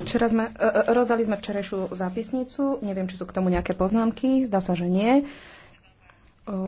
Včera sme, e, e, rozdali sme včerajšiu zápisnicu, neviem, či sú k tomu nejaké poznámky, zdá sa, že nie.